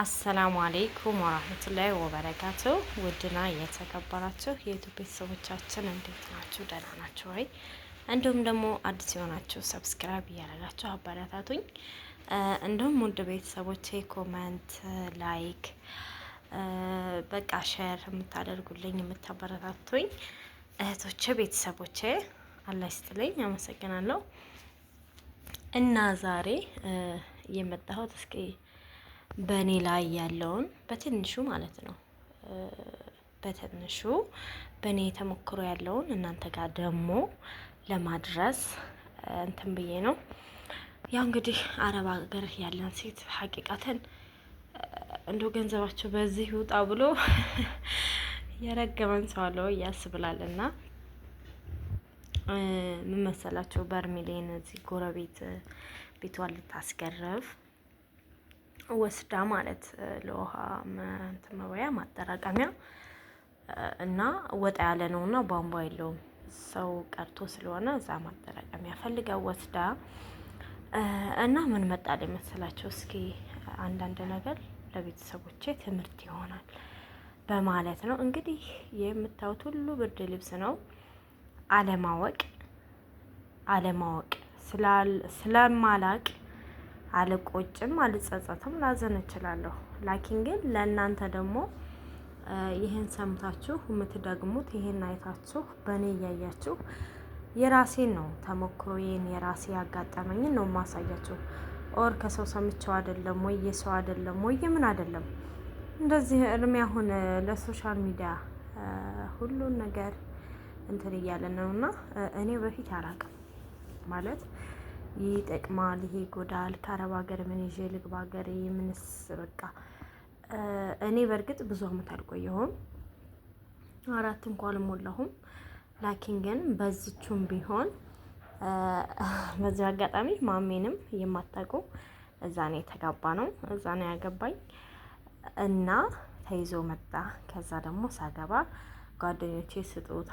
አሰላሙ አሌይኩም ወራህመቱላሂ ወበረካቱ። ውድና የተከበራችሁ የዩቱብ ቤተሰቦቻችን እንዴት ናችሁ? ደህና ናችሁ ወይ? እንዲሁም ደግሞ አዲስ የሆናችሁ ሰብስክራይብ እያደረጋችሁ አበረታቱኝ። እንዲሁም ውድ ቤተሰቦቼ ኮመንት፣ ላይክ፣ በቃ ሸር የምታደርጉልኝ የምታበረታቱኝ እህቶቼ ቤተሰቦቼ አላህ ይስጥልኝ፣ አመሰግናለሁ። እና ዛሬ የመጣሁት እስኪ በእኔ ላይ ያለውን በትንሹ ማለት ነው በትንሹ በእኔ ተሞክሮ ያለውን እናንተ ጋር ደግሞ ለማድረስ እንትን ብዬ ነው። ያው እንግዲህ አረብ ሀገር ያለን ሴት ሀቂቃተን እንደ ገንዘባቸው በዚህ ይውጣ ብሎ የረገመን ሰው አለው እያስብላል እና ምን መሰላቸው በርሚሌን እዚህ ጎረቤት ቤቷን ልታስገረፍ ወስዳ ማለት ለውሃ እንትን ማጠራቀሚያ እና ወጣ ያለ ነው እና ቧንቧ የለውም። ሰው ቀርቶ ስለሆነ እዛ ማጠራቀሚያ ፈልጋ ወስዳ እና ምን መጣል መሰላቸው እስኪ አንዳንድ ነገር ለቤተሰቦቼ ትምህርት ይሆናል በማለት ነው እንግዲህ የምታዩት ሁሉ ብርድ ልብስ ነው። አለማወቅ አለማወቅ ስለማላቅ አልቆጭም፣ አልጸጸትም፣ ላዘን እችላለሁ። ላኪን ግን ለእናንተ ደግሞ ይህን ሰምታችሁ የምትደግሙት ይህን አይታችሁ በእኔ እያያችሁ የራሴን ነው ተሞክሮዬን የራሴ ያጋጠመኝን ነው ማሳያችሁ። ኦር ከሰው ሰምቸው አይደለም ወይ የሰው አይደለም ወይ የምን አይደለም እንደዚህ እድሜ አሁን ለሶሻል ሚዲያ ሁሉን ነገር እንትን እያለ ነው እና እኔ በፊት አላውቅም ማለት ይህ ይጠቅማል፣ ይሄ ይጎዳል፣ ከአረብ ሀገር ምን ይዤ ልግብ ሀገር ምንስ በቃ እኔ በእርግጥ ብዙ አመት አልቆየሁም፣ አራት እንኳ አልሞላሁም። ላኪን ግን በዝቹም ቢሆን በዚህ አጋጣሚ ማሜንም የማታውቁ እዛ ነው የተጋባ ነው እዛ ነው ያገባኝ እና ተይዞ መጣ። ከዛ ደግሞ ሳገባ ጓደኞቼ ስጦታ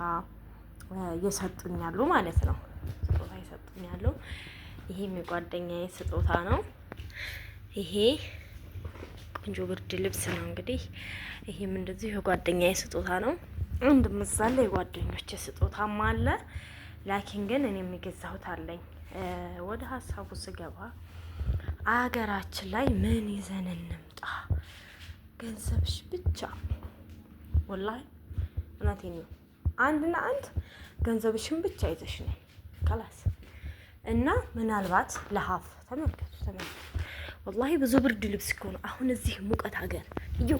የሰጡኛሉ ማለት ነው። ስጦታ የሰጡኛሉ ይሄም የጓደኛዬ ስጦታ ነው። ይሄ ቆንጆ ብርድ ልብስ ነው። እንግዲህ ይሄም እንደዚሁ የጓደኛዬ ስጦታ ነው። ምሳሌ የጓደኞች ስጦታም አለ። ላኪን ግን እኔ የሚገዛሁት አለኝ። ወደ ሀሳቡ ስገባ አገራችን ላይ ምን ይዘን እንምጣ? ገንዘብሽ ብቻ ወላሂ እውነቴን ነው። አንድና አንድ ገንዘብሽን ብቻ ይዘሽ ነው ከላስ እና ምናልባት ለሀፍ ተመልከቱ፣ ተመልከቱ። ወላሂ ብዙ ብርድ ልብስ እኮ ነው አሁን እዚህ ሙቀት ሀገር። እዩ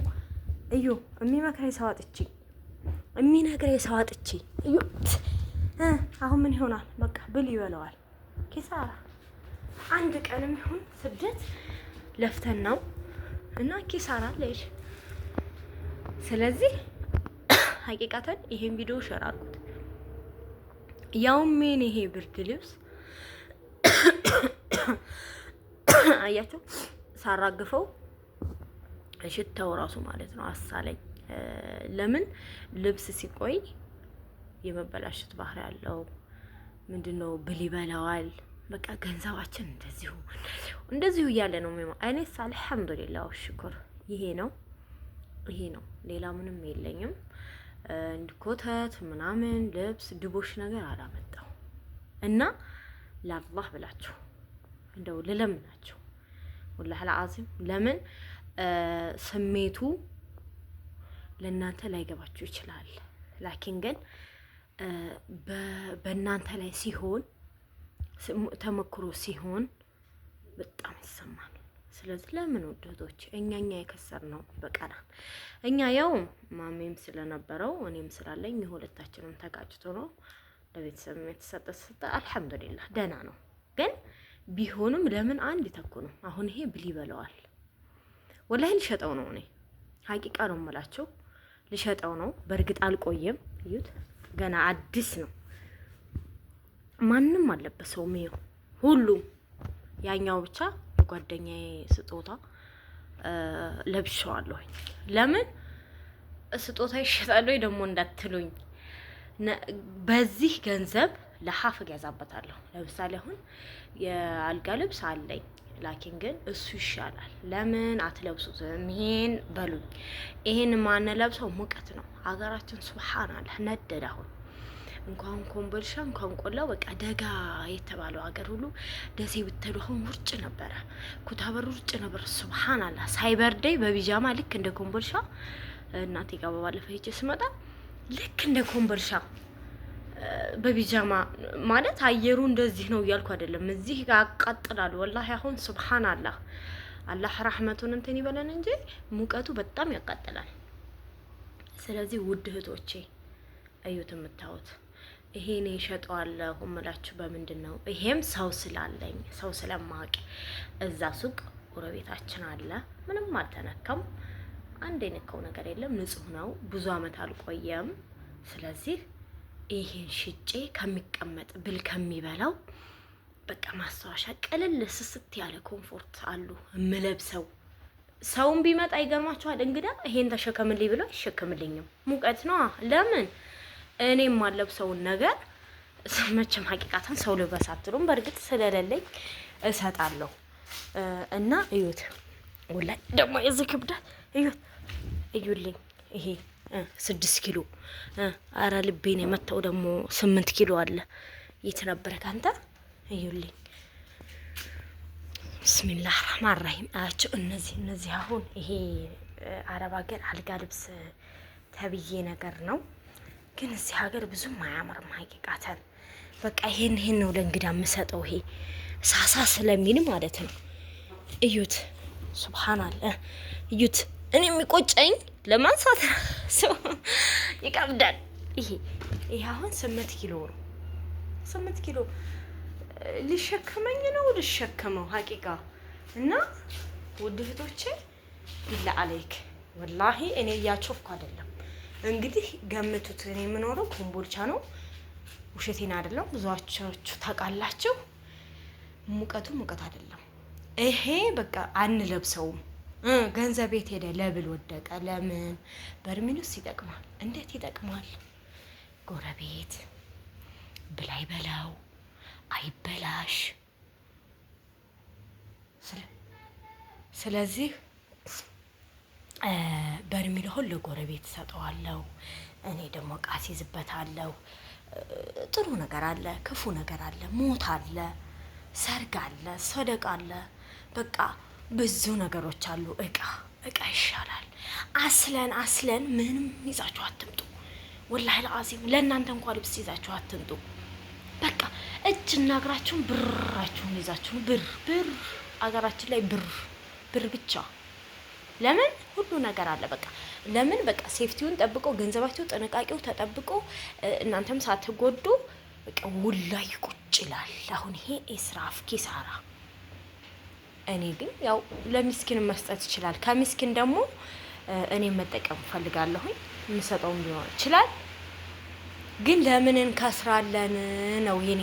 እዩ፣ የሚመክረኝ ሰው አጥቼ፣ የሚነግረኝ ሰው አጥቼ። እዩ አሁን ምን ይሆናል? በቃ ብል ይበለዋል። ኪሳራ አንድ ቀንም ይሁን ስደት ለፍተን ነው እና ኪሳራ ለይሽ። ስለዚህ ሀቂቃተን ይሄን ቪዲዮ ሸራኩት። ያውም ሜን ይሄ ብርድ ልብስ አያቸው ሳራግፈው ሽታው ራሱ ማለት ነው አሳለኝ። ለምን ልብስ ሲቆይ የመበላሸት ባህሪ ያለው ምንድን ነው ብል ይበላዋል። በቃ ገንዘባችን እንደዚሁ እንደዚሁ እያለ ነው ሚማ እኔስ አልሐምዱሊላህ ሽኩር ይሄ ነው ይሄ ነው። ሌላ ምንም የለኝም። እንድኮተት ምናምን ልብስ ድቦሽ ነገር አላመጣው እና ላላህ ብላችሁ እንደው ልለምናችሁ ወላሂ ለአዚም። ለምን ስሜቱ ለእናንተ ላይገባችሁ ይችላል። ላኪን ግን በእናንተ ላይ ሲሆን ተመክሮ ሲሆን በጣም ይሰማል። ስለዚህ ለምን ውድ እህቶች እኛ እኛ የከሰር ነው በቀናን እኛ ያው ማሜም ስለነበረው እኔም ስላለኝ የሁለታችንም ተጋጭቶ ነው ለቤተሰብ የተሰጠ ተሰጠ። አልሐምዱሊላህ ደህና ነው። ግን ቢሆንም ለምን አንድ ተኩ ነው። አሁን ይሄ ብል ይበለዋል። ወላሂ ልሸጠው ነው እኔ ሀቂቃ ነው የምላቸው ልሸጠው ነው። በእርግጥ አልቆየም። እዩት፣ ገና አዲስ ነው። ማንም አለበሰው ይኸው ሁሉ ያኛው ብቻ ጓደኛዬ ስጦታ ለብሸዋለሁኝ። ለምን ስጦታ ይሸጣለሁ ደግሞ እንዳትሉኝ በዚህ ገንዘብ ለሀፍ እገዛበታለሁ። ለምሳሌ አሁን የአልጋ ልብስ አለኝ፣ ላኪን ግን እሱ ይሻላል። ለምን አትለብሱትም? ይሄን በሉኝ። ይሄን ማንለብሰው ሙቀት ነው ሀገራችን ሱብሃን አላህ ነደድ አሁን እንኳን ኮምቦልሻ እንኳን ቆላ በቃ ደጋ የተባለው ሀገር ሁሉ ደሴ ብትሄዱ አሁን ውርጭ ነበረ፣ ኩታበር ውርጭ ነበረ። ሱብሃን አላህ ሳይበርደኝ በቢጃማ ልክ እንደ ኮምቦልሻ እናቴ ጋር በባለፈ ሄጄ ስመጣ ልክ እንደ ኮምበልሻ በቢጃማ ማለት አየሩ እንደዚህ ነው እያልኩ አይደለም። እዚህ ያቃጥላል። ወላሂ አሁን ሱብሃን አላህ አላህ ራህመቱን እንትን ይበለን እንጂ ሙቀቱ በጣም ያቃጥላል። ስለዚህ ውድ እህቶቼ እዩት፣ የምታዩት ይሄን እሸጠዋለሁ እምላችሁ በምንድን ነው? ይሄም ሰው ስላለኝ ሰው ስለማውቅ እዛ ሱቅ ጎረቤታችን አለ፣ ምንም አልተነካም። አንድ የነካው ነገር የለም፣ ንጹህ ነው። ብዙ አመት አልቆየም። ስለዚህ ይሄን ሽጬ ከሚቀመጥ ብል ከሚበላው በቃ ማስታወሻ ቅልል ስስት ያለ ኮምፎርት አሉ የምለብሰው። ሰውም ቢመጣ ይገርማችኋል፣ እንግዳ ይሄን ተሸከምልኝ ብሎ አይሸከምልኝም። ሙቀት ነዋ። ለምን እኔ የማለብሰውን ነገር መቼም ሀቂቃታን ሰው ልበስ አትሉም። በእርግጥ ስለሌለኝ እሰጣለሁ እና እዩት። ወላሂ ደግሞ የዚህ ክብዳት እዩ እዩልኝ። ይሄ ስድስት ኪሎ አረ ልቤን የመታው ደግሞ ስምንት ኪሎ አለ። የት ነበረ ካንተ? እዩልኝ። ብስሚላህ ረህማን ራሂም አያቸው። እነዚህ እነዚህ አሁን ይሄ አረብ ሀገር አልጋ ልብስ ተብዬ ነገር ነው፣ ግን እዚህ ሀገር ብዙም አያምርም ሀቂቃተን። በቃ ይሄን ይሄን ነው ለእንግዳ የምሰጠው። ይሄ ሳሳ ስለሚል ማለት ነው። እዩት። ስብሓናለ እዩት። እኔ የሚቆጨኝ ለማንሳት ይቀብዳል። ይሄ ይሄ አሁን ስምንት ኪሎ ነው። ስምንት ኪሎ ሊሸከመኝ ነው ልሸከመው ሀቂቃ እና ውድ እህቶቼ ቢላ አለይክ ወላሂ እኔ እያቾፍኩ አይደለም። እንግዲህ ገምቱት። እኔ የምኖረው ኮምቦልቻ ነው። ውሸቴን አይደለም። ብዙዎቻችሁ ታውቃላችሁ። ሙቀቱ ሙቀት አይደለም። ይሄ በቃ አንለብሰውም። ገንዘብ ቤት ሄደ ለብል ወደቀ። ለምን በርሚሉስ ይጠቅማል? እንዴት ይጠቅማል? ጎረቤት ብላይ በላው አይበላሽ። ስለዚህ በርሚል ሁሉ ጎረቤት ሰጠዋለሁ። እኔ ደግሞ ዕቃ ሲይዝበታለሁ። ጥሩ ነገር አለ፣ ክፉ ነገር አለ፣ ሞት አለ፣ ሰርግ አለ፣ ሰደቃ አለ። በቃ ብዙ ነገሮች አሉ። እቃ እቃ ይሻላል። አስለን አስለን ምንም ይዛችሁ አትምጡ። ወላሂ ለአዚም ለእናንተ እንኳ ልብስ ይዛችሁ አትምጡ። በቃ እጅና እግራችሁን ብራችሁን ይዛችሁን ብር ብር አገራችን ላይ ብር ብር ብቻ ለምን ሁሉ ነገር አለ። በቃ ለምን በቃ ሴፍቲውን ጠብቆ ገንዘባቸው ጥንቃቄው ተጠብቆ እናንተም ሳትጎዱ በቃ ውላይ ቁጭ ይላል። አሁን ይሄ ኤስራፍ ኪሳራ እኔ ግን ያው ለሚስኪን መስጠት ይችላል። ከሚስኪን ደግሞ እኔ መጠቀም ፈልጋለሁኝ። የምሰጠውም ሊሆን ይችላል። ግን ለምን እንከስራለን ነው የኔ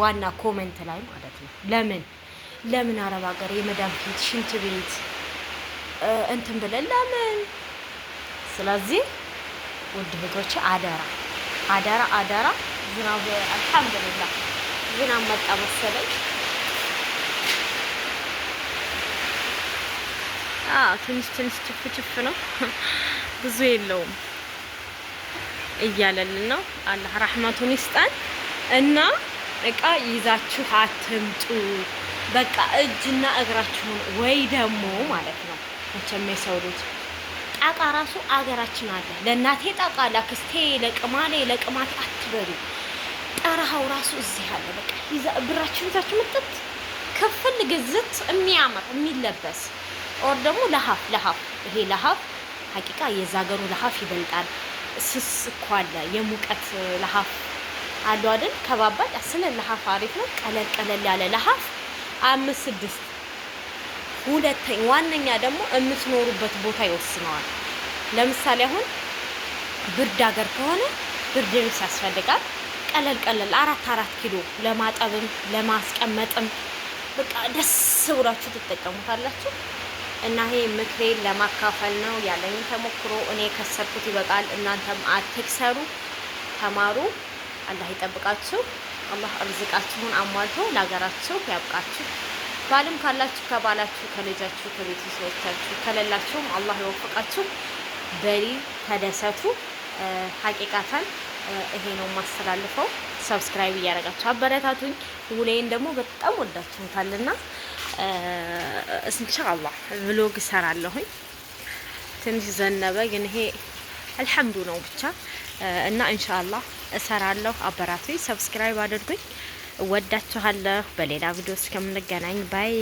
ዋና ኮመንት ላይ ማለት ነው። ለምን ለምን አረብ ሀገር የመዳም ፊት ሽንት ቤት እንትን ብለን ለምን? ስለዚህ ውድ እህቶቼ አደራ አደራ አደራ ዝናብ አልሐምዱሊላህ ዝናብ መጣ መሰለኝ። ትንሽ ትንሽ ችፍ ችፍ ነው፣ ብዙ የለውም እያለልን ነው። አላህ ረህመቱን ይስጣን እና እቃ ይዛችሁ አትምጡ። በቃ እጅና እግራችሁን ወይ ደግሞ ማለት ነው መቼም የሰው ልጅ ጣጣ ራሱ አገራችን አለ። ለእናቴ ጣጣ፣ ክስቴ ለቅማሌ፣ ለቅማት አትበሉ። ጠረሃው ራሱ እዚህ አለ። በቃ ብራችሁ ይዛችሁ መጠጥ ክፍል ግዝት የሚያምር የሚለበስ ኦር ደግሞ ለሀፍ ለሀፍ ይሄ ለሀፍ ሀቂቃ የዛገሩ ለሀፍ ይበልጣል። ስስ እኮ አለ የሙቀት ለሀፍ አሉ አይደል? ከባባድ ስለ ለሀፍ አሪፍ ነው። ቀለል ቀለል ያለ ለሀፍ አምስት ስድስት ሁለተኛ ዋነኛ ደግሞ የምትኖሩበት ቦታ ይወስነዋል። ለምሳሌ አሁን ብርድ ሀገር ከሆነ ብርድ ልብስ ያስፈልጋል። ቀለል ቀለል አራት አራት ኪሎ ለማጠብም ለማስቀመጥም በቃ ደስ ብሏችሁ ትጠቀሙታላችሁ። እና ይሄ ምክሬን ለማካፈል ነው ያለኝ ተሞክሮ። እኔ ከሰርኩት ይበቃል፣ እናንተም አትክሰሩ፣ ተማሩ። አላህ ይጠብቃችሁ። አላህ እርዝቃችሁን አሟልቶ ለሀገራችሁ ያብቃችሁ። ባልም ካላችሁ ከባላችሁ፣ ከልጃችሁ፣ ከቤተሰቦቻችሁ ከሌላችሁም አላህ ይወፍቃችሁ። በሪ ተደሰቱ። ሀቂቃታን ይሄ ነው የማስተላልፈው። ሰብስክራይብ እያደረጋችሁ አበረታቱኝ። ውሌን ደግሞ በጣም ወዳችሁታልና እንሻአላህ ብሎግ እሰራለሁኝ። ትንሽ ዘነበ ግን ይሄ አልሐምዱ ነው ብቻ እና እንሻአላህ እሰራለሁ። አበራቱኝ፣ ሰብስክራይብ አድርጉኝ። እወዳችኋለሁ። በሌላ ቪዲዮ እስከምንገናኝ ባይ